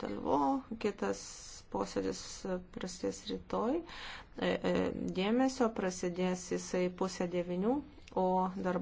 dalyvo, kitas posėdis prasidės rytoj, e, e, dėmesio prasidės jisai pusę devinių, o dar